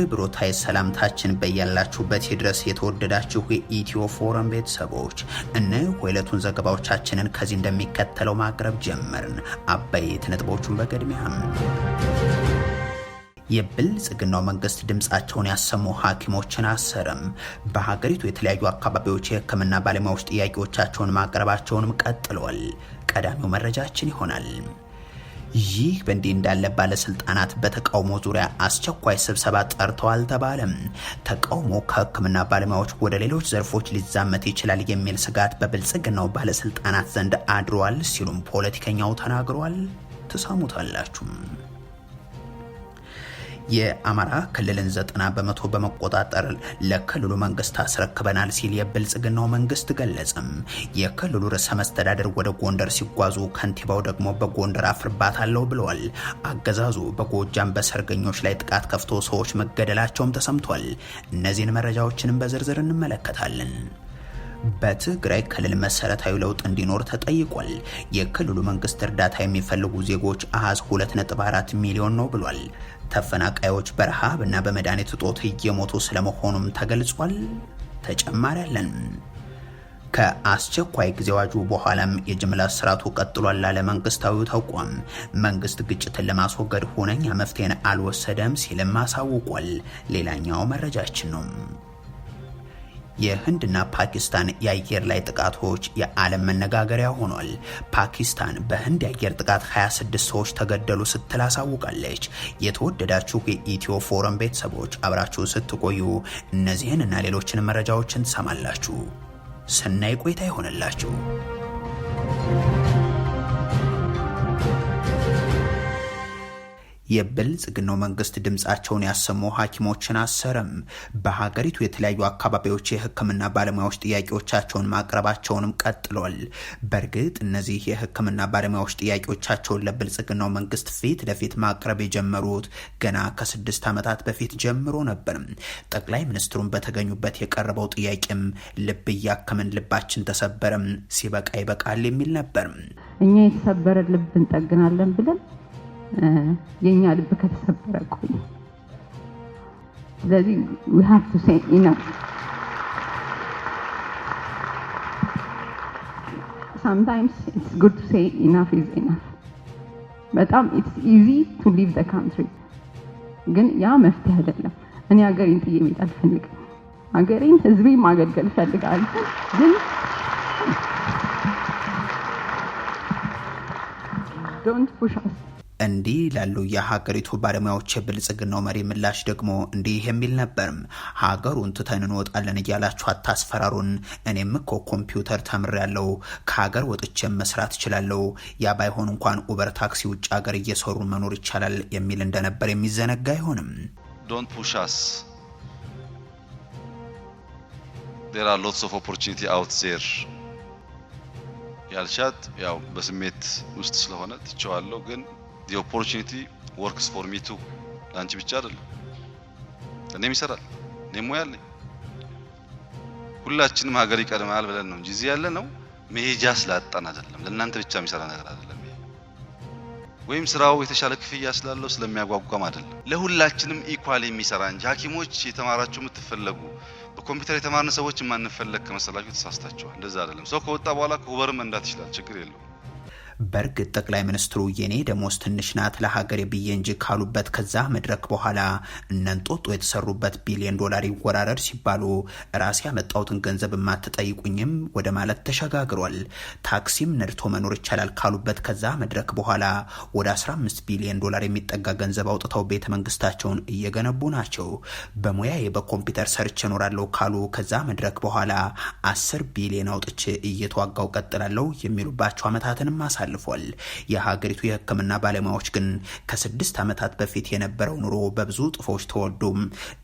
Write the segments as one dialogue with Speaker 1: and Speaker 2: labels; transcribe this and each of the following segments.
Speaker 1: አክብሮታይ ሰላምታችን በያላችሁበት ይድረስ። የተወደዳችሁ የኢትዮ ፎረም ቤተሰቦች እነ ሁለቱን ዘገባዎቻችንን ከዚህ እንደሚከተለው ማቅረብ ጀመርን። አበይት ነጥቦቹን በቅድሚያም የብልጽግናው መንግስት ድምፃቸውን ያሰሙ ሐኪሞችን አሰረም። በሀገሪቱ የተለያዩ አካባቢዎች የሕክምና ባለሙያዎች ጥያቄዎቻቸውን ማቅረባቸውንም ቀጥሏል። ቀዳሚው መረጃችን ይሆናል። ይህ በእንዲህ እንዳለ ባለስልጣናት በተቃውሞ ዙሪያ አስቸኳይ ስብሰባ ጠርተዋል ተባለም። ተቃውሞ ከሕክምና ባለሙያዎች ወደ ሌሎች ዘርፎች ሊዛመት ይችላል የሚል ስጋት በብልጽግናው ባለስልጣናት ዘንድ አድሯል ሲሉም ፖለቲከኛው ተናግሯል። ትሳሙታላችሁ የአማራ ክልልን ዘጠና በመቶ በመቆጣጠር ለክልሉ መንግስት አስረክበናል ሲል የብልጽግናው መንግስት ገለጽም። የክልሉ ርዕሰ መስተዳደር ወደ ጎንደር ሲጓዙ ከንቲባው ደግሞ በጎንደር አፍርባታለሁ ብለዋል። አገዛዙ በጎጃም በሰርገኞች ላይ ጥቃት ከፍቶ ሰዎች መገደላቸውም ተሰምቷል። እነዚህን መረጃዎችንም በዝርዝር እንመለከታለን። በትግራይ ክልል መሰረታዊ ለውጥ እንዲኖር ተጠይቋል። የክልሉ መንግስት እርዳታ የሚፈልጉ ዜጎች አሃዝ 2.4 ሚሊዮን ነው ብሏል። ተፈናቃዮች በረሃብ እና በመድኃኒት እጦት እየሞቱ ስለመሆኑም ተገልጿል። ተጨማሪ አለን። ከአስቸኳይ ጊዜ አዋጁ በኋላም የጅምላ ስርዓቱ ቀጥሏል ላለ መንግስታዊ ተቋም መንግስት ግጭትን ለማስወገድ ሁነኛ መፍትሄን አልወሰደም ሲልም አሳውቋል። ሌላኛው መረጃችን ነው። የህንድና ፓኪስታን የአየር ላይ ጥቃቶች የዓለም መነጋገሪያ ሆኗል። ፓኪስታን በህንድ የአየር ጥቃት 26 ሰዎች ተገደሉ ስትል አሳውቃለች። የተወደዳችሁ የኢትዮ ፎረም ቤተሰቦች አብራችሁ ስትቆዩ እነዚህን እና ሌሎችን መረጃዎችን ትሰማላችሁ። ሰናይ ቆይታ ይሆንላችሁ። የብልጽግናው መንግስት ድምፃቸውን ያሰሙ ሐኪሞችን አሰረም። በሀገሪቱ የተለያዩ አካባቢዎች የህክምና ባለሙያዎች ጥያቄዎቻቸውን ማቅረባቸውንም ቀጥሏል። በእርግጥ እነዚህ የህክምና ባለሙያዎች ጥያቄዎቻቸውን ለብልጽግናው መንግስት ፊት ለፊት ማቅረብ የጀመሩት ገና ከስድስት ዓመታት በፊት ጀምሮ ነበር። ጠቅላይ ሚኒስትሩን በተገኙበት የቀረበው ጥያቄም ልብ እያከምን ልባችን ተሰበረም፣ ሲበቃ ይበቃል የሚል ነበር።
Speaker 2: እኛ የተሰበረ ልብ እንጠግናለን ብለን የኛ ልብ ከተሰበረ ቆየ። ስለዚህ ዊ ሃቭ ቱ ሴይ ኢነፍ። ሳምታይምስ ኢትስ ጉድ ቱ ሴይ ኢነፍ ኢዝ ኢነፍ። በጣም ኢትስ ኢዚ ቱ ሊቭ ዘ ካንትሪ፣ ግን ያ መፍትሄ አይደለም። እኔ ሀገሬን ጥዬ መሄድ አልፈልግም። ሀገሬን ህዝቤ ማገልገል እፈልጋለሁ ግን ዶንት ፑሽ አስ
Speaker 1: እንዲህ ላሉ የሀገሪቱ ባለሙያዎች የብልጽግናው መሪ ምላሽ ደግሞ እንዲህ የሚል ነበርም። ሀገሩን ትተን እንወጣለን እያላችሁ አታስፈራሩን። እኔም እኮ ኮምፒውተር ተምሬያለሁ፣ ከሀገር ወጥቼ መስራት እችላለሁ። ያ ባይሆን እንኳን ኡበር ታክሲ ውጭ ሀገር እየሰሩ መኖር ይቻላል የሚል እንደነበር የሚዘነጋ አይሆንም።
Speaker 3: ዶንት ፑሽ አስ ዜር አር ሎትስ ኦፍ ኦፖርቹኒቲ አውት ዜር ያልሻት ያው በስሜት ውስጥ ስለሆነ ትቸዋለሁ ግን the opportunity works for me too ለአንቺ ብቻ አይደለም፣ እኔም ይሰራል፣ እኔም ሙያ አለኝ። ሁላችንም ሀገር ይቀድማል ብለን ነው እንጂ እዚህ ያለ ነው መሄጃ ስላጣን አይደለም። ለእናንተ ብቻ የሚሰራ ነገር አይደለም ይሄ። ወይም ስራው የተሻለ ክፍያ ስላለው ስለሚያጓጓም አይደለም። ለሁላችንም ኢኳል የሚሰራ እንጂ ሐኪሞች የተማራችሁ የምትፈለጉ በኮምፒውተር የተማርን ሰዎች የማንፈለግ ከመሰላችሁ ተሳስታችኋል። እንደዛ አይደለም። ሰው ከወጣ በኋላ ከውበርም መንዳት ይችላል፣ ችግር የለውም።
Speaker 1: በእርግጥ ጠቅላይ ሚኒስትሩ የኔ ደሞዝ ትንሽ ናት ለሀገር ብዬ እንጂ ካሉበት ከዛ መድረክ በኋላ እነንጦጦ የተሰሩበት ቢሊዮን ዶላር ይወራረድ ሲባሉ ራሴ ያመጣሁትን ገንዘብ ማትጠይቁኝም ወደ ማለት ተሸጋግሯል። ታክሲም ነድቶ መኖር ይቻላል ካሉበት ከዛ መድረክ በኋላ ወደ 15 ቢሊዮን ዶላር የሚጠጋ ገንዘብ አውጥተው ቤተ መንግስታቸውን እየገነቡ ናቸው። በሙያዬ በኮምፒውተር ሰርች እኖራለሁ ካሉ ከዛ መድረክ በኋላ 10 ቢሊዮን አውጥቼ እየተዋጋው ቀጥላለሁ የሚሉባቸው ዓመታትንም አሳል አሳልፏል። የሀገሪቱ የህክምና ባለሙያዎች ግን ከስድስት ዓመታት በፊት የነበረው ኑሮ በብዙ ጥፎች ተወዶም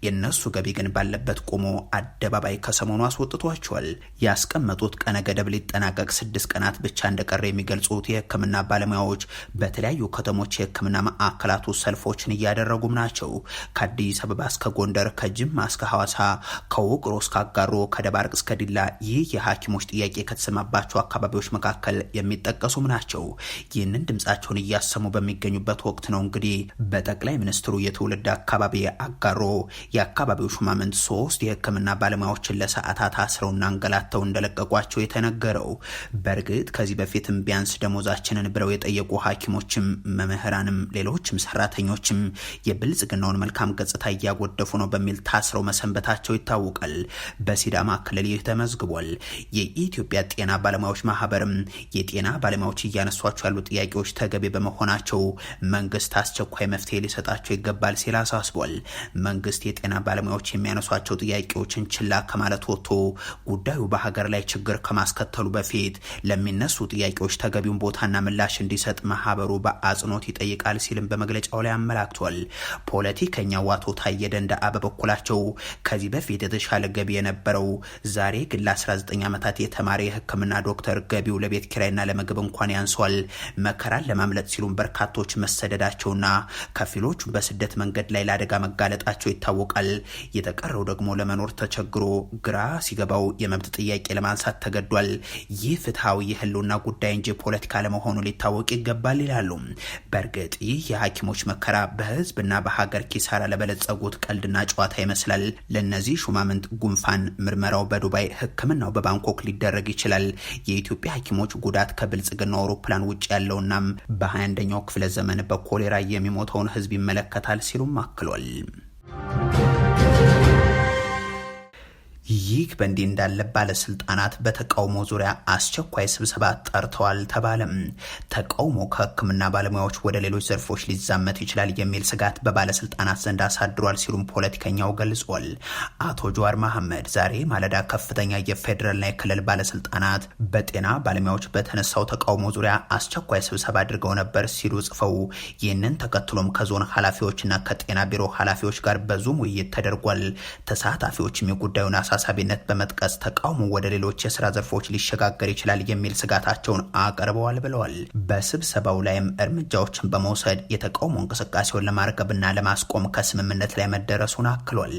Speaker 1: የነሱ ገቢ ግን ባለበት ቆሞ አደባባይ ከሰሞኑ አስወጥቷቸዋል። ያስቀመጡት ቀነ ገደብ ሊጠናቀቅ ስድስት ቀናት ብቻ እንደቀረ የሚገልጹት የህክምና ባለሙያዎች በተለያዩ ከተሞች የህክምና ማዕከላቱ ሰልፎችን እያደረጉም ናቸው። ከአዲስ አበባ እስከ ጎንደር፣ ከጅማ እስከ ሐዋሳ፣ ከውቅሮ እስከ አጋሮ፣ ከደባርቅ እስከ ዲላ ይህ የሐኪሞች ጥያቄ ከተሰማባቸው አካባቢዎች መካከል የሚጠቀሱም ናቸው። ናቸው። ይህንን ድምጻቸውን እያሰሙ በሚገኙበት ወቅት ነው እንግዲህ በጠቅላይ ሚኒስትሩ የትውልድ አካባቢ አጋሮ የአካባቢው ሹማምንት ሶስት የህክምና ባለሙያዎችን ለሰዓታት አስረውና አንገላተው እንደለቀቋቸው የተነገረው። በእርግጥ ከዚህ በፊትም ቢያንስ ደሞዛችንን ብለው የጠየቁ ሐኪሞችም መምህራንም ሌሎችም ሰራተኞችም የብልጽግናውን መልካም ገጽታ እያጎደፉ ነው በሚል ታስረው መሰንበታቸው ይታወቃል። በሲዳማ ክልል ይህ ተመዝግቧል። የኢትዮጵያ ጤና ባለሙያዎች ማህበርም የጤና ባለሙያዎች እያ እያነሷቸው ያሉ ጥያቄዎች ተገቢ በመሆናቸው መንግስት አስቸኳይ መፍትሄ ሊሰጣቸው ይገባል ሲል አሳስቧል። መንግስት የጤና ባለሙያዎች የሚያነሷቸው ጥያቄዎችን ችላ ከማለት ወጥቶ ጉዳዩ በሀገር ላይ ችግር ከማስከተሉ በፊት ለሚነሱ ጥያቄዎች ተገቢውን ቦታና ምላሽ እንዲሰጥ ማህበሩ በአጽንኦት ይጠይቃል ሲልም በመግለጫው ላይ አመላክቷል። ፖለቲከኛው አቶ ታዬ ደንደአ በበኩላቸው ከዚህ በፊት የተሻለ ገቢ የነበረው ዛሬ ግን ለ19 ዓመታት የተማሪ የህክምና ዶክተር ገቢው ለቤት ኪራይና ለምግብ እንኳን ያንስ ቀንሷል። መከራን ለማምለጥ ሲሉም በርካቶች መሰደዳቸውና ከፊሎቹ በስደት መንገድ ላይ ለአደጋ መጋለጣቸው ይታወቃል። የተቀረው ደግሞ ለመኖር ተቸግሮ ግራ ሲገባው የመብት ጥያቄ ለማንሳት ተገዷል። ይህ ፍትሐዊ የህልውና ጉዳይ እንጂ ፖለቲካ ለመሆኑ ሊታወቅ ይገባል ይላሉ። በእርግጥ ይህ የሐኪሞች መከራ በህዝብና በሀገር ኪሳራ ለበለጸጉት ቀልድና ጨዋታ ይመስላል። ለእነዚህ ሹማምንት ጉንፋን ምርመራው በዱባይ ህክምናው በባንኮክ ሊደረግ ይችላል። የኢትዮጵያ ሐኪሞች ጉዳት ከብልጽግና ከአውሮፕላን ውጭ ያለውናም በ21ኛው ክፍለ ዘመን በኮሌራ የሚሞተውን ህዝብ ይመለከታል ሲሉም አክሏል። ይህ በእንዲህ እንዳለ ባለስልጣናት በተቃውሞ ዙሪያ አስቸኳይ ስብሰባ ጠርተዋል ተባለም። ተቃውሞ ከሕክምና ባለሙያዎች ወደ ሌሎች ዘርፎች ሊዛመት ይችላል የሚል ስጋት በባለስልጣናት ዘንድ አሳድሯል ሲሉም ፖለቲከኛው ገልጿል። አቶ ጀዋር መሐመድ ዛሬ ማለዳ ከፍተኛ የፌዴራልና የክልል ባለስልጣናት በጤና ባለሙያዎች በተነሳው ተቃውሞ ዙሪያ አስቸኳይ ስብሰባ አድርገው ነበር ሲሉ ጽፈው ይህንን ተከትሎም ከዞን ኃላፊዎችና ከጤና ቢሮ ኃላፊዎች ጋር በዙም ውይይት ተደርጓል። ተሳታፊዎችም የጉዳዩን አሳሳቢነት በመጥቀስ ተቃውሞ ወደ ሌሎች የስራ ዘርፎች ሊሸጋገር ይችላል የሚል ስጋታቸውን አቅርበዋል ብለዋል። በስብሰባው ላይም እርምጃዎችን በመውሰድ የተቃውሞ እንቅስቃሴውን ለማርገብና ለማስቆም ከስምምነት ላይ መደረሱን አክሏል።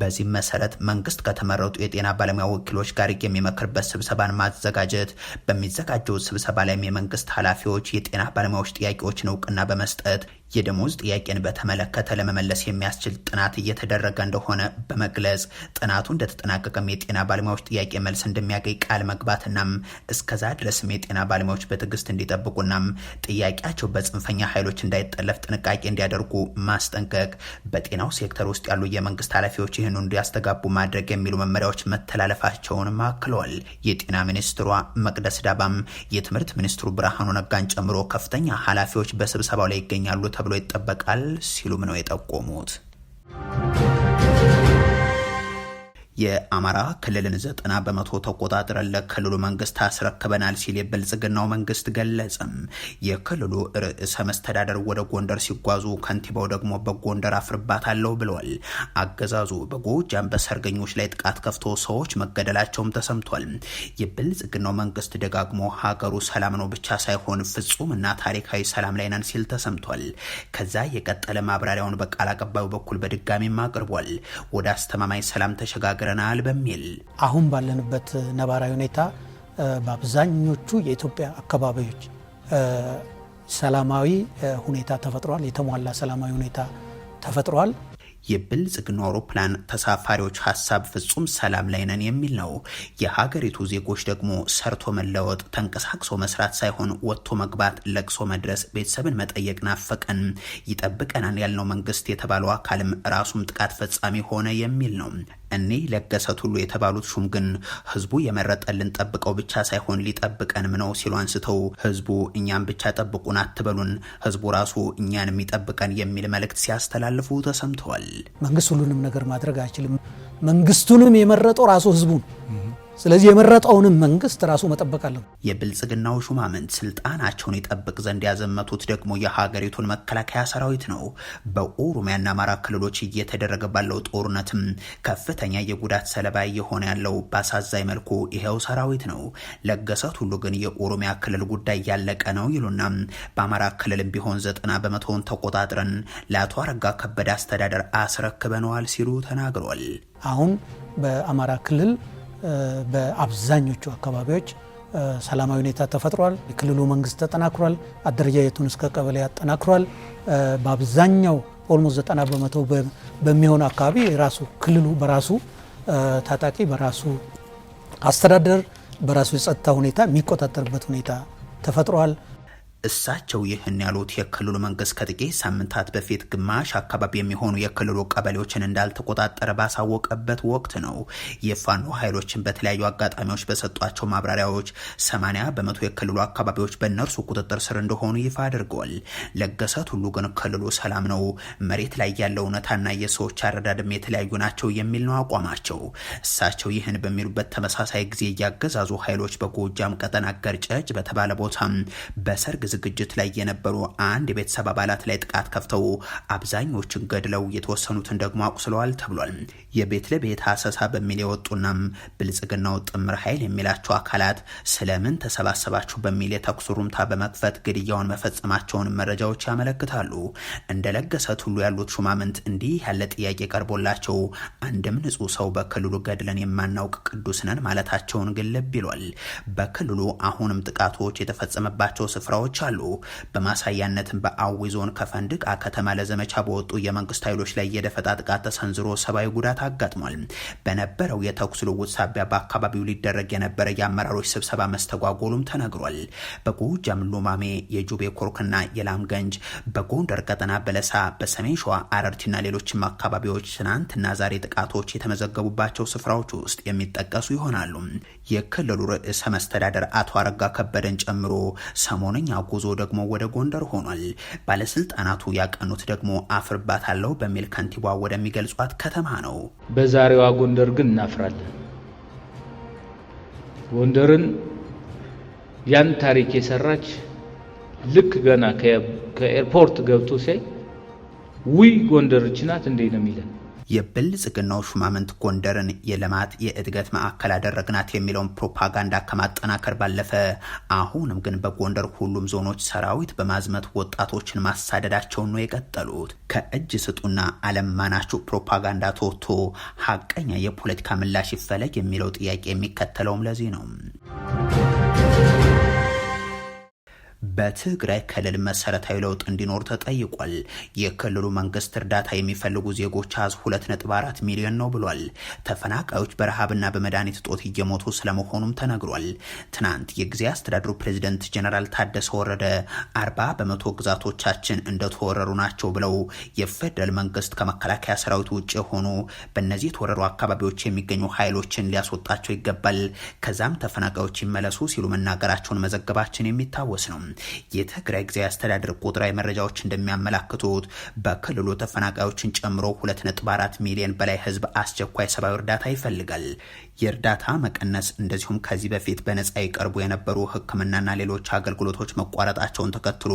Speaker 1: በዚህም መሰረት መንግስት ከተመረጡ የጤና ባለሙያ ወኪሎች ጋር የሚመክርበት ስብሰባን ማዘጋጀት፣ በሚዘጋጀው ስብሰባ ላይም የመንግስት ኃላፊዎች የጤና ባለሙያዎች ጥያቄዎችን እውቅና በመስጠት የደሞዝ ጥያቄን በተመለከተ ለመመለስ የሚያስችል ጥናት እየተደረገ እንደሆነ በመግለጽ ጥናቱ እንደተጠናቀቀም የጤና ባለሙያዎች ጥያቄ መልስ እንደሚያገኝ ቃል መግባትናም እስከዛ ድረስም የጤና ባለሙያዎች በትዕግስት እንዲጠብቁናም ጥያቄያቸው በጽንፈኛ ኃይሎች እንዳይጠለፍ ጥንቃቄ እንዲያደርጉ ማስጠንቀቅ፣ በጤናው ሴክተር ውስጥ ያሉ የመንግስት ኃላፊዎች ይህኑ እንዲያስተጋቡ ማድረግ የሚሉ መመሪያዎች መተላለፋቸውንም አክለዋል። የጤና ሚኒስትሯ መቅደስ ዳባም የትምህርት ሚኒስትሩ ብርሃኑ ነጋን ጨምሮ ከፍተኛ ኃላፊዎች በስብሰባው ላይ ይገኛሉ ተብሎ ይጠበቃል ሲሉም ነው የጠቆሙት። የአማራ ክልልን ዘጠና በመቶ ተቆጣጥረን ለክልሉ መንግስት አስረክበናል ሲል የብልጽግናው መንግስት ገለጸም። የክልሉ ርዕሰ መስተዳደር ወደ ጎንደር ሲጓዙ ከንቲባው ደግሞ በጎንደር አፍርባታለሁ ብለዋል። አገዛዙ በጎጃም በሰርገኞች ላይ ጥቃት ከፍቶ ሰዎች መገደላቸውም ተሰምቷል። የብልጽግናው መንግስት ደጋግሞ ሀገሩ ሰላም ነው ብቻ ሳይሆን ፍጹምና ታሪካዊ ሰላም ላይ ነን ሲል ተሰምቷል። ከዛ የቀጠለ ማብራሪያውን በቃል አቀባዩ በኩል በድጋሚም አቅርቧል። ወደ አስተማማኝ ሰላም ተሸጋገ ተቸግረናል በሚል
Speaker 2: አሁን ባለንበት ነባራዊ ሁኔታ በአብዛኞቹ የኢትዮጵያ አካባቢዎች ሰላማዊ ሁኔታ ተፈጥሯል። የተሟላ ሰላማዊ ሁኔታ ተፈጥሯል።
Speaker 1: የብልጽግና አውሮፕላን ተሳፋሪዎች ሀሳብ ፍጹም ሰላም ላይ ነን የሚል ነው። የሀገሪቱ ዜጎች ደግሞ ሰርቶ መለወጥ፣ ተንቀሳቅሶ መስራት ሳይሆን ወጥቶ መግባት፣ ለቅሶ መድረስ፣ ቤተሰብን መጠየቅ ናፈቀን፣ ይጠብቀናል ያልነው መንግስት የተባለው አካልም ራሱም ጥቃት ፈጻሚ ሆነ የሚል ነው። እኔ ለገሰት ሁሉ የተባሉት ሹም ግን ህዝቡ የመረጠልን ጠብቀው ብቻ ሳይሆን ሊጠብቀንም ነው ሲሉ አንስተው ህዝቡ እኛን ብቻ ጠብቁን አትበሉን፣ ህዝቡ ራሱ እኛን የሚጠብቀን የሚል መልእክት ሲያስተላልፉ ተሰምተዋል።
Speaker 2: መንግስት ሁሉንም ነገር ማድረግ አይችልም። መንግስቱንም የመረጠው ራሱ ህዝቡ ስለዚህ የመረጠውንም መንግስት ራሱ መጠበቅ አለው።
Speaker 1: የብልጽግናው ሹማምንት ስልጣናቸውን ይጠብቅ ዘንድ ያዘመቱት ደግሞ የሀገሪቱን መከላከያ ሰራዊት ነው። በኦሮሚያና አማራ ክልሎች እየተደረገ ባለው ጦርነትም ከፍተኛ የጉዳት ሰለባ እየሆነ ያለው በአሳዛኝ መልኩ ይኸው ሰራዊት ነው። ለገሰት ሁሉ ግን የኦሮሚያ ክልል ጉዳይ ያለቀ ነው ይሉና በአማራ ክልልም ቢሆን ዘጠና በመቶውን ተቆጣጥረን ለአቶ አረጋ ከበደ አስተዳደር አስረክበነዋል ሲሉ ተናግሯል።
Speaker 2: አሁን በአማራ ክልል በአብዛኞቹ አካባቢዎች ሰላማዊ ሁኔታ ተፈጥሯል። የክልሉ መንግስት ተጠናክሯል። አደረጃጀቱን እስከ ቀበሌ ያጠናክሯል። በአብዛኛው ኦልሞስ ዘጠና በመቶ በሚሆን አካባቢ ራሱ ክልሉ በራሱ ታጣቂ በራሱ አስተዳደር በራሱ የጸጥታ ሁኔታ የሚቆጣጠርበት ሁኔታ ተፈጥሯል።
Speaker 1: እሳቸው ይህን ያሉት የክልሉ መንግስት ከጥቂት ሳምንታት በፊት ግማሽ አካባቢ የሚሆኑ የክልሉ ቀበሌዎችን እንዳልተቆጣጠረ ባሳወቀበት ወቅት ነው። የፋኖ ኃይሎችን በተለያዩ አጋጣሚዎች በሰጧቸው ማብራሪያዎች 80 በመቶ የክልሉ አካባቢዎች በእነርሱ ቁጥጥር ስር እንደሆኑ ይፋ አድርገዋል። ለገሰ ቱሉ ግን ክልሉ ሰላም ነው፣ መሬት ላይ ያለው እውነታና የሰዎች አረዳድም የተለያዩ ናቸው የሚል ነው አቋማቸው። እሳቸው ይህን በሚሉበት ተመሳሳይ ጊዜ እያገዛዙ ኃይሎች በጎጃም ቀጠና ገርጨጭ በተባለ ቦታ በሰርግ ዝግጅት ላይ የነበሩ አንድ የቤተሰብ አባላት ላይ ጥቃት ከፍተው አብዛኞችን ገድለው የተወሰኑትን ደግሞ አቁስለዋል ተብሏል። የቤት ለቤት አሰሳ በሚል የወጡናም ብልጽግናው ጥምር ኃይል የሚላቸው አካላት ስለምን ተሰባሰባችሁ በሚል የተኩስ ሩምታ በመክፈት ግድያውን መፈጸማቸውን መረጃዎች ያመለክታሉ። እንደ ለገሰት ሁሉ ያሉት ሹማምንት እንዲህ ያለ ጥያቄ ቀርቦላቸው አንድም ንጹህ ሰው በክልሉ ገድለን የማናውቅ ቅዱስ ነን ማለታቸውን ግልብ ይሏል። በክልሉ አሁንም ጥቃቶች የተፈጸመባቸው ስፍራዎች ይጠቀሳሉ። በማሳያነትም በአዊ ዞን ከፈንድቃ ከተማ ለዘመቻ በወጡ የመንግስት ኃይሎች ላይ የደፈጣ ጥቃት ተሰንዝሮ ሰብአዊ ጉዳት አጋጥሟል። በነበረው የተኩስ ልውውጥ ሳቢያ በአካባቢው ሊደረግ የነበረ የአመራሮች ስብሰባ መስተጓጎሉም ተነግሯል። በጎጃም ሉማሜ፣ የጁቤ ኮርክና የላም ገንጅ፣ በጎንደር ቀጠና በለሳ፣ በሰሜን ሸዋ አረርቲና ሌሎችም አካባቢዎች ትናንትና ዛሬ ጥቃቶች የተመዘገቡባቸው ስፍራዎች ውስጥ የሚጠቀሱ ይሆናሉ። የክልሉ ርዕሰ መስተዳደር አቶ አረጋ ከበደን ጨምሮ ሰሞነኛ ጉዞ ደግሞ ወደ ጎንደር ሆኗል። ባለስልጣናቱ ያቀኑት ደግሞ አፍርባታለሁ በሚል ከንቲባ ወደሚገልጿት ከተማ ነው።
Speaker 4: በዛሬዋ ጎንደር ግን እናፍራለን። ጎንደርን ያን ታሪክ የሰራች ልክ ገና ከኤርፖርት ገብቶ ሲያይ ውይ ጎንደርች ናት እንዴ ነው የሚለን
Speaker 1: የብልጽግናው ሹማምንት ጎንደርን የልማት የእድገት ማዕከል አደረግናት የሚለውን ፕሮፓጋንዳ ከማጠናከር ባለፈ አሁንም ግን በጎንደር ሁሉም ዞኖች ሰራዊት በማዝመት ወጣቶችን ማሳደዳቸውን ነው የቀጠሉት። ከእጅ ስጡና አለማናችሁ ፕሮፓጋንዳ ተወጥቶ ሀቀኛ የፖለቲካ ምላሽ ይፈለግ የሚለው ጥያቄ የሚከተለውም ለዚህ ነው። በትግራይ ክልል መሰረታዊ ለውጥ እንዲኖር ተጠይቋል። የክልሉ መንግስት እርዳታ የሚፈልጉ ዜጎች አዝ 2.4 ሚሊዮን ነው ብሏል። ተፈናቃዮች በረሃብና በመድኃኒት እጦት እየሞቱ ስለመሆኑም ተነግሯል። ትናንት የጊዜ አስተዳድሩ ፕሬዚደንት ጀነራል ታደሰ ወረደ 40 በመቶ ግዛቶቻችን እንደተወረሩ ናቸው ብለው የፌደራል መንግስት ከመከላከያ ሰራዊት ውጭ የሆኑ በእነዚህ የተወረሩ አካባቢዎች የሚገኙ ኃይሎችን ሊያስወጣቸው ይገባል፣ ከዛም ተፈናቃዮች ይመለሱ ሲሉ መናገራቸውን መዘገባችን የሚታወስ ነው። የትግራይ ጊዜያዊ አስተዳደር ቁጥራዊ መረጃዎች እንደሚያመላክቱት በክልሉ ተፈናቃዮችን ጨምሮ 2.4 ሚሊዮን በላይ ህዝብ አስቸኳይ ሰብአዊ እርዳታ ይፈልጋል። የእርዳታ መቀነስ እንደዚሁም ከዚህ በፊት በነጻ ይቀርቡ የነበሩ ህክምናና ሌሎች አገልግሎቶች መቋረጣቸውን ተከትሎ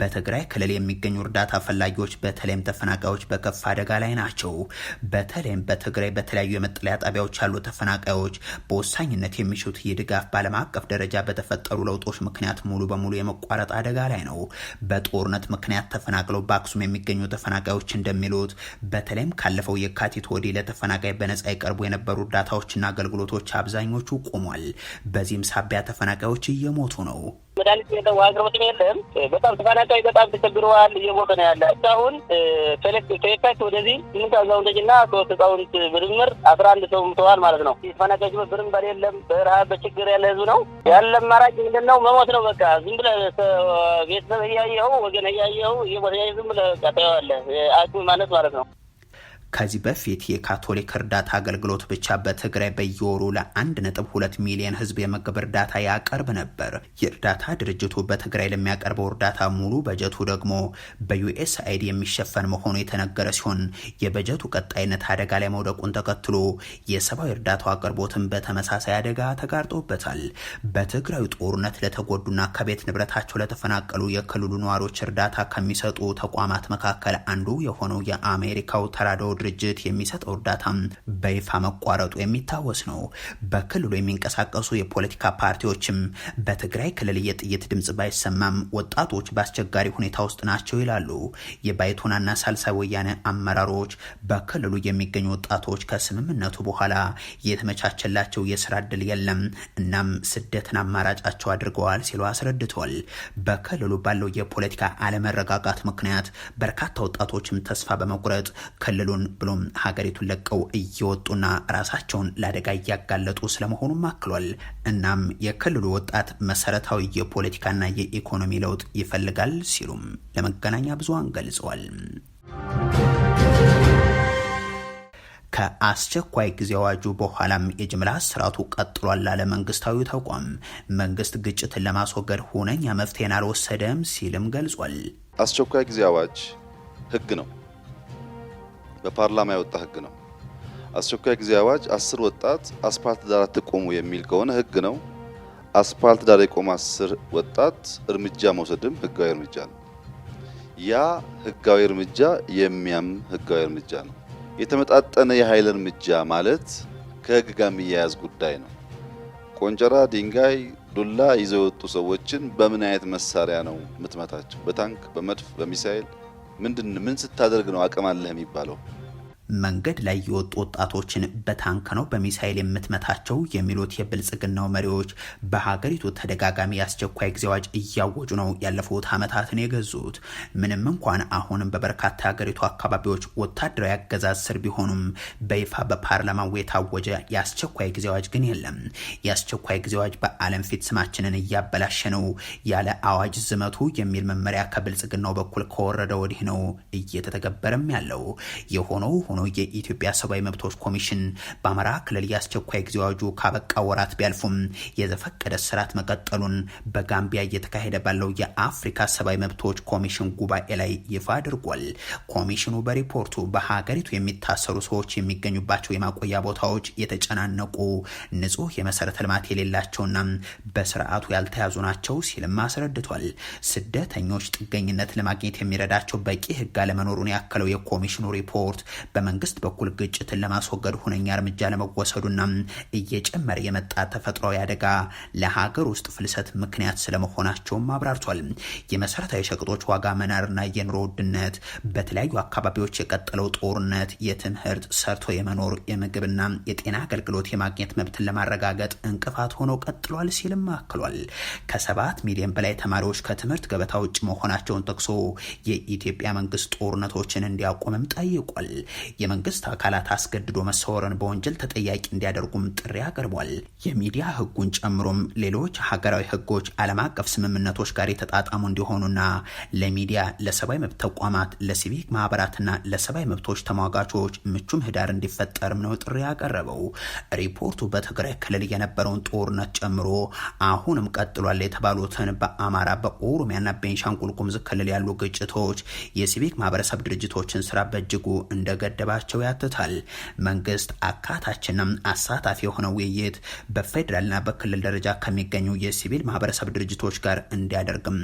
Speaker 1: በትግራይ ክልል የሚገኙ እርዳታ ፈላጊዎች በተለይም ተፈናቃዮች በከፍ አደጋ ላይ ናቸው። በተለይም በትግራይ በተለያዩ የመጠለያ ጣቢያዎች ያሉ ተፈናቃዮች በወሳኝነት የሚሹት የድጋፍ በዓለም አቀፍ ደረጃ በተፈጠሩ ለውጦች ምክንያት ሙሉ በሙሉ የመቋረጥ አደጋ ላይ ነው። በጦርነት ምክንያት ተፈናቅለው በአክሱም የሚገኙ ተፈናቃዮች እንደሚሉት በተለይም ካለፈው የካቲት ወዲህ ለተፈናቃይ በነጻ ይቀርቡ የነበሩ እርዳታዎችና አገልግሎቶች አብዛኞቹ ቆሟል። በዚህም ሳቢያ ተፈናቃዮች እየሞቱ ነው። መድኃኒት የለም፣ አቅርቦትም የለም። በጣም ተፈናቃይ በጣም ተቸግረዋል፣ እየሞተ ነው ያለ። እስካሁን ከየካቲት ወደዚህ ስምንት አዛውንቶችና ሶስት ህፃውንት ብርምር አስራ አንድ ሰው ምተዋል ማለት ነው። ተፈናቃዮች ብርም በር የለም፣ በረሃብ በችግር ያለ ህዝብ ነው ያለ። አማራጭ ምንድን ነው? መሞት ነው በቃ። ዝም ብለህ ቤተሰብ እያየኸው ወገን እያየኸው እየሞተ ዝም ብለህ ቀጠዋለ አቅም ማለት ማለት ነው። ከዚህ በፊት የካቶሊክ እርዳታ አገልግሎት ብቻ በትግራይ በየወሩ ለ1.2 ሚሊዮን ህዝብ የምግብ እርዳታ ያቀርብ ነበር። የእርዳታ ድርጅቱ በትግራይ ለሚያቀርበው እርዳታ ሙሉ በጀቱ ደግሞ በዩኤስ አይዲ የሚሸፈን መሆኑ የተነገረ ሲሆን የበጀቱ ቀጣይነት አደጋ ላይ መውደቁን ተከትሎ የሰብአዊ እርዳታው አቅርቦትን በተመሳሳይ አደጋ ተጋርጦበታል። በትግራዩ ጦርነት ለተጎዱና ከቤት ንብረታቸው ለተፈናቀሉ የክልሉ ነዋሪዎች እርዳታ ከሚሰጡ ተቋማት መካከል አንዱ የሆነው የአሜሪካው ተራዶ ድርጅት የሚሰጠው እርዳታ በይፋ መቋረጡ የሚታወስ ነው። በክልሉ የሚንቀሳቀሱ የፖለቲካ ፓርቲዎችም በትግራይ ክልል የጥይት ድምጽ ባይሰማም ወጣቶች በአስቸጋሪ ሁኔታ ውስጥ ናቸው ይላሉ። የባይቶናና ሳልሳይ ወያነ አመራሮች በክልሉ የሚገኙ ወጣቶች ከስምምነቱ በኋላ የተመቻቸላቸው የስራ እድል የለም፣ እናም ስደትን አማራጫቸው አድርገዋል ሲሉ አስረድተዋል። በክልሉ ባለው የፖለቲካ አለመረጋጋት ምክንያት በርካታ ወጣቶችም ተስፋ በመቁረጥ ክልሉን ብሎም ሀገሪቱን ለቀው እየወጡና ራሳቸውን ለአደጋ እያጋለጡ ስለመሆኑም አክሏል። እናም የክልሉ ወጣት መሰረታዊ የፖለቲካና የኢኮኖሚ ለውጥ ይፈልጋል ሲሉም ለመገናኛ ብዙሃን ገልጸዋል። ከአስቸኳይ ጊዜ አዋጁ በኋላም የጅምላ ስርዓቱ ቀጥሏል ላለ መንግስታዊ ተቋም መንግስት ግጭትን ለማስወገድ ሁነኛ መፍትሄን አልወሰደም ሲልም ገልጿል።
Speaker 5: አስቸኳይ ጊዜ አዋጅ ህግ ነው። በፓርላማ የወጣ ህግ ነው። አስቸኳይ ጊዜ አዋጅ አስር ወጣት አስፓልት ዳር አትቆሙ የሚል ከሆነ ህግ ነው። አስፓልት ዳር የቆመ አስር ወጣት እርምጃ መውሰድም ህጋዊ እርምጃ ነው። ያ ህጋዊ እርምጃ የሚያም ህጋዊ እርምጃ ነው። የተመጣጠነ የኃይል እርምጃ ማለት ከህግ ጋር የሚያያዝ ጉዳይ ነው። ቆንጨራ፣ ድንጋይ፣ ዱላ ይዘው የወጡ ሰዎችን በምን አይነት መሳሪያ ነው የምትመታቸው? በታንክ፣ በመድፍ፣ በሚሳኤል ምንድን ምን ስታደርግ ነው አቅም አለህ የሚባለው?
Speaker 1: መንገድ ላይ የወጡ ወጣቶችን በታንክ ነው በሚሳይል የምትመታቸው የሚሉት የብልጽግናው መሪዎች በሀገሪቱ ተደጋጋሚ የአስቸኳይ ጊዜ አዋጅ እያወጁ ነው ያለፉት ዓመታትን የገዙት። ምንም እንኳን አሁንም በበርካታ የሀገሪቱ አካባቢዎች ወታደራዊ አገዛዝ ስር ቢሆኑም በይፋ በፓርላማው የታወጀ የአስቸኳይ ጊዜ አዋጅ ግን የለም። የአስቸኳይ ጊዜ አዋጅ በዓለም ፊት ስማችንን እያበላሸ ነው ያለ አዋጅ ዝመቱ የሚል መመሪያ ከብልጽግናው በኩል ከወረደ ወዲህ ነው እየተተገበረም ያለው የሆነው ሆኖ የሆነው የኢትዮጵያ ሰብአዊ መብቶች ኮሚሽን በአማራ ክልል የአስቸኳይ ጊዜ አዋጁ ካበቃ ወራት ቢያልፉም የዘፈቀደ ስርዓት መቀጠሉን በጋምቢያ እየተካሄደ ባለው የአፍሪካ ሰብአዊ መብቶች ኮሚሽን ጉባኤ ላይ ይፋ አድርጓል። ኮሚሽኑ በሪፖርቱ በሀገሪቱ የሚታሰሩ ሰዎች የሚገኙባቸው የማቆያ ቦታዎች የተጨናነቁ፣ ንጹህ የመሰረተ ልማት የሌላቸውና በስርዓቱ ያልተያዙ ናቸው ሲልም አስረድቷል። ስደተኞች ጥገኝነት ለማግኘት የሚረዳቸው በቂ ህግ አለመኖሩን ያከለው የኮሚሽኑ ሪፖርት በመ በመንግስት በኩል ግጭትን ለማስወገድ ሁነኛ እርምጃ ለመወሰዱና እየጨመረ የመጣ ተፈጥሯዊ አደጋ ለሀገር ውስጥ ፍልሰት ምክንያት ስለመሆናቸውም አብራርቷል። የመሰረታዊ ሸቀጦች ዋጋ መናርና የኑሮ ውድነት፣ በተለያዩ አካባቢዎች የቀጠለው ጦርነት፣ የትምህርት ሰርቶ የመኖር የምግብና የጤና አገልግሎት የማግኘት መብትን ለማረጋገጥ እንቅፋት ሆኖ ቀጥሏል ሲልም አክሏል። ከሰባት ሚሊዮን በላይ ተማሪዎች ከትምህርት ገበታ ውጭ መሆናቸውን ጠቅሶ የኢትዮጵያ መንግስት ጦርነቶችን እንዲያቆምም ጠይቋል። የመንግስት አካላት አስገድዶ መሰወርን በወንጀል ተጠያቂ እንዲያደርጉም ጥሪ አቅርቧል። የሚዲያ ህጉን ጨምሮም ሌሎች ሀገራዊ ህጎች ዓለም አቀፍ ስምምነቶች ጋር የተጣጣሙ እንዲሆኑና ለሚዲያ ለሰብአዊ መብት ተቋማት፣ ለሲቪክ ማህበራትና ለሰብአዊ መብቶች ተሟጋቾች ምቹ ምህዳር እንዲፈጠርም ነው ጥሪ ያቀረበው። ሪፖርቱ በትግራይ ክልል የነበረውን ጦርነት ጨምሮ አሁንም ቀጥሏል የተባሉትን በአማራ በኦሮሚያና ቤንሻንጉል ጉሙዝ ክልል ያሉ ግጭቶች የሲቪክ ማህበረሰብ ድርጅቶችን ስራ በእጅጉ እንደገደ እንደሚገደባቸው ያትታል። መንግስት አካታችንም አሳታፊ የሆነ ውይይት በፌዴራልና በክልል ደረጃ ከሚገኙ የሲቪል ማህበረሰብ ድርጅቶች ጋር እንዲያደርግም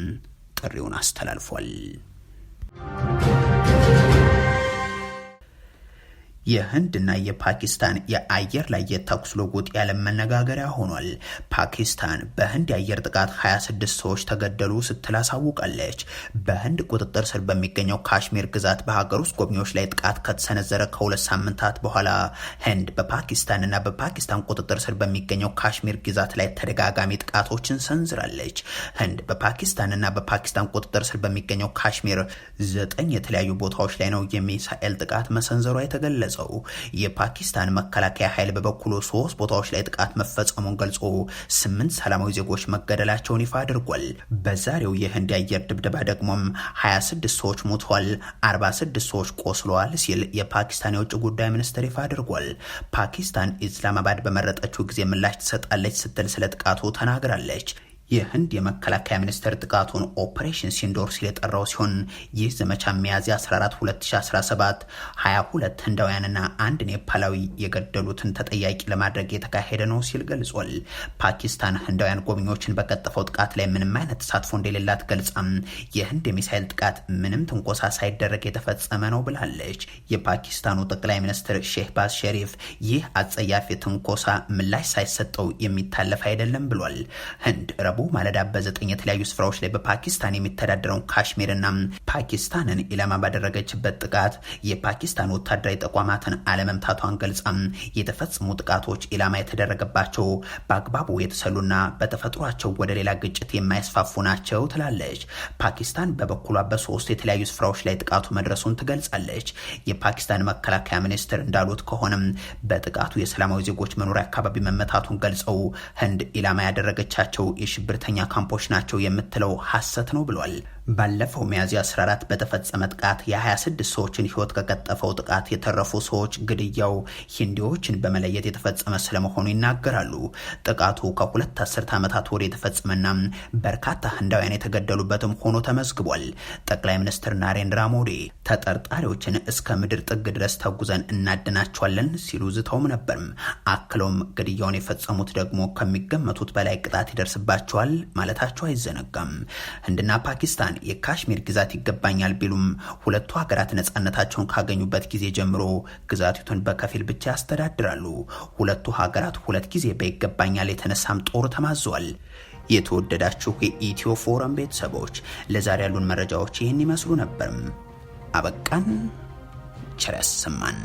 Speaker 1: ጥሪውን አስተላልፏል። የህንድና የፓኪስታን የአየር ላይ የተኩስ ልውውጥ ያለም መነጋገሪያ ሆኗል። ፓኪስታን በህንድ የአየር ጥቃት 26 ሰዎች ተገደሉ ስትል አሳውቃለች። በህንድ ቁጥጥር ስር በሚገኘው ካሽሚር ግዛት በሀገር ውስጥ ጎብኚዎች ላይ ጥቃት ከተሰነዘረ ከሁለት ሳምንታት በኋላ ህንድ በፓኪስታንና በፓኪስታን ቁጥጥር ስር በሚገኘው ካሽሚር ግዛት ላይ ተደጋጋሚ ጥቃቶችን ሰንዝራለች። ህንድ በፓኪስታንና በፓኪስታን ቁጥጥር ስር በሚገኘው ካሽሚር ዘጠኝ የተለያዩ ቦታዎች ላይ ነው የሚሳኤል ጥቃት መሰንዘሯ የተገለጸ የገለጸው የፓኪስታን መከላከያ ኃይል በበኩሉ ሶስት ቦታዎች ላይ ጥቃት መፈጸሙን ገልጾ ስምንት ሰላማዊ ዜጎች መገደላቸውን ይፋ አድርጓል። በዛሬው የህንድ አየር ድብደባ ደግሞም 26 ሰዎች ሞተዋል፣ 46 ሰዎች ቆስለዋል ሲል የፓኪስታን የውጭ ጉዳይ ሚኒስትር ይፋ አድርጓል። ፓኪስታን ኢስላማባድ በመረጠችው ጊዜ ምላሽ ትሰጣለች ስትል ስለ ጥቃቱ ተናግራለች። የህንድ የመከላከያ ሚኒስቴር ጥቃቱን ኦፕሬሽን ሲንዶር ሲል የጠራው ሲሆን ይህ ዘመቻ ሚያዝያ 14 2017 22 ህንዳውያንና አንድ ኔፓላዊ የገደሉትን ተጠያቂ ለማድረግ የተካሄደ ነው ሲል ገልጿል። ፓኪስታን ህንዳውያን ጎብኚዎችን በቀጠፈው ጥቃት ላይ ምንም አይነት ተሳትፎ እንደሌላት ገልጻም የህንድ የሚሳይል ጥቃት ምንም ትንኮሳ ሳይደረግ የተፈጸመ ነው ብላለች። የፓኪስታኑ ጠቅላይ ሚኒስትር ሼህባዝ ሸሪፍ ይህ አጸያፊ ትንኮሳ ምላሽ ሳይሰጠው የሚታለፍ አይደለም ብሏል። ህንድ ረቡዕ ማለዳ በዘጠኝ የተለያዩ ስፍራዎች ላይ በፓኪስታን የሚተዳደረውን ካሽሚርና ፓኪስታንን ኢላማ ባደረገችበት ጥቃት የፓኪስታን ወታደራዊ ተቋማትን አለመምታቷን ገልጻ የተፈጸሙ ጥቃቶች ኢላማ የተደረገባቸው በአግባቡ የተሰሉና በተፈጥሯቸው ወደ ሌላ ግጭት የማያስፋፉ ናቸው ትላለች። ፓኪስታን በበኩሏ በሶስት የተለያዩ ስፍራዎች ላይ ጥቃቱ መድረሱን ትገልጻለች። የፓኪስታን መከላከያ ሚኒስትር እንዳሉት ከሆነም በጥቃቱ የሰላማዊ ዜጎች መኖሪያ አካባቢ መመታቱን ገልጸው ህንድ ኢላማ ያደረገቻቸው የሽ የሽብርተኛ ካምፖች ናቸው የምትለው ሐሰት ነው ብሏል። ባለፈው ሚያዝያ 14 በተፈጸመ ጥቃት የ26 ሰዎችን ህይወት ከቀጠፈው ጥቃት የተረፉ ሰዎች ግድያው ሂንዲዎችን በመለየት የተፈጸመ ስለመሆኑ ይናገራሉ። ጥቃቱ ከሁለት አስርት ዓመታት ወደ የተፈጸመና በርካታ ህንዳውያን የተገደሉበትም ሆኖ ተመዝግቧል። ጠቅላይ ሚኒስትር ናሬንድራ ሞዲ ተጠርጣሪዎችን እስከ ምድር ጥግ ድረስ ተጉዘን እናድናቸዋለን ሲሉ ዝተውም ነበርም። አክለውም ግድያውን የፈጸሙት ደግሞ ከሚገመቱት በላይ ቅጣት ይደርስባቸዋል ማለታቸው አይዘነጋም። ህንድና ፓኪስታን የካሽሚር ግዛት ይገባኛል ቢሉም ሁለቱ ሀገራት ነጻነታቸውን ካገኙበት ጊዜ ጀምሮ ግዛቲቱን በከፊል ብቻ ያስተዳድራሉ። ሁለቱ ሀገራት ሁለት ጊዜ በይገባኛል የተነሳም ጦር ተማዘዋል። የተወደዳችሁ የኢትዮ ፎረም ቤተሰቦች ለዛሬ ያሉን መረጃዎች ይህን ይመስሉ ነበርም። አበቃን። ቸር ያሰማን።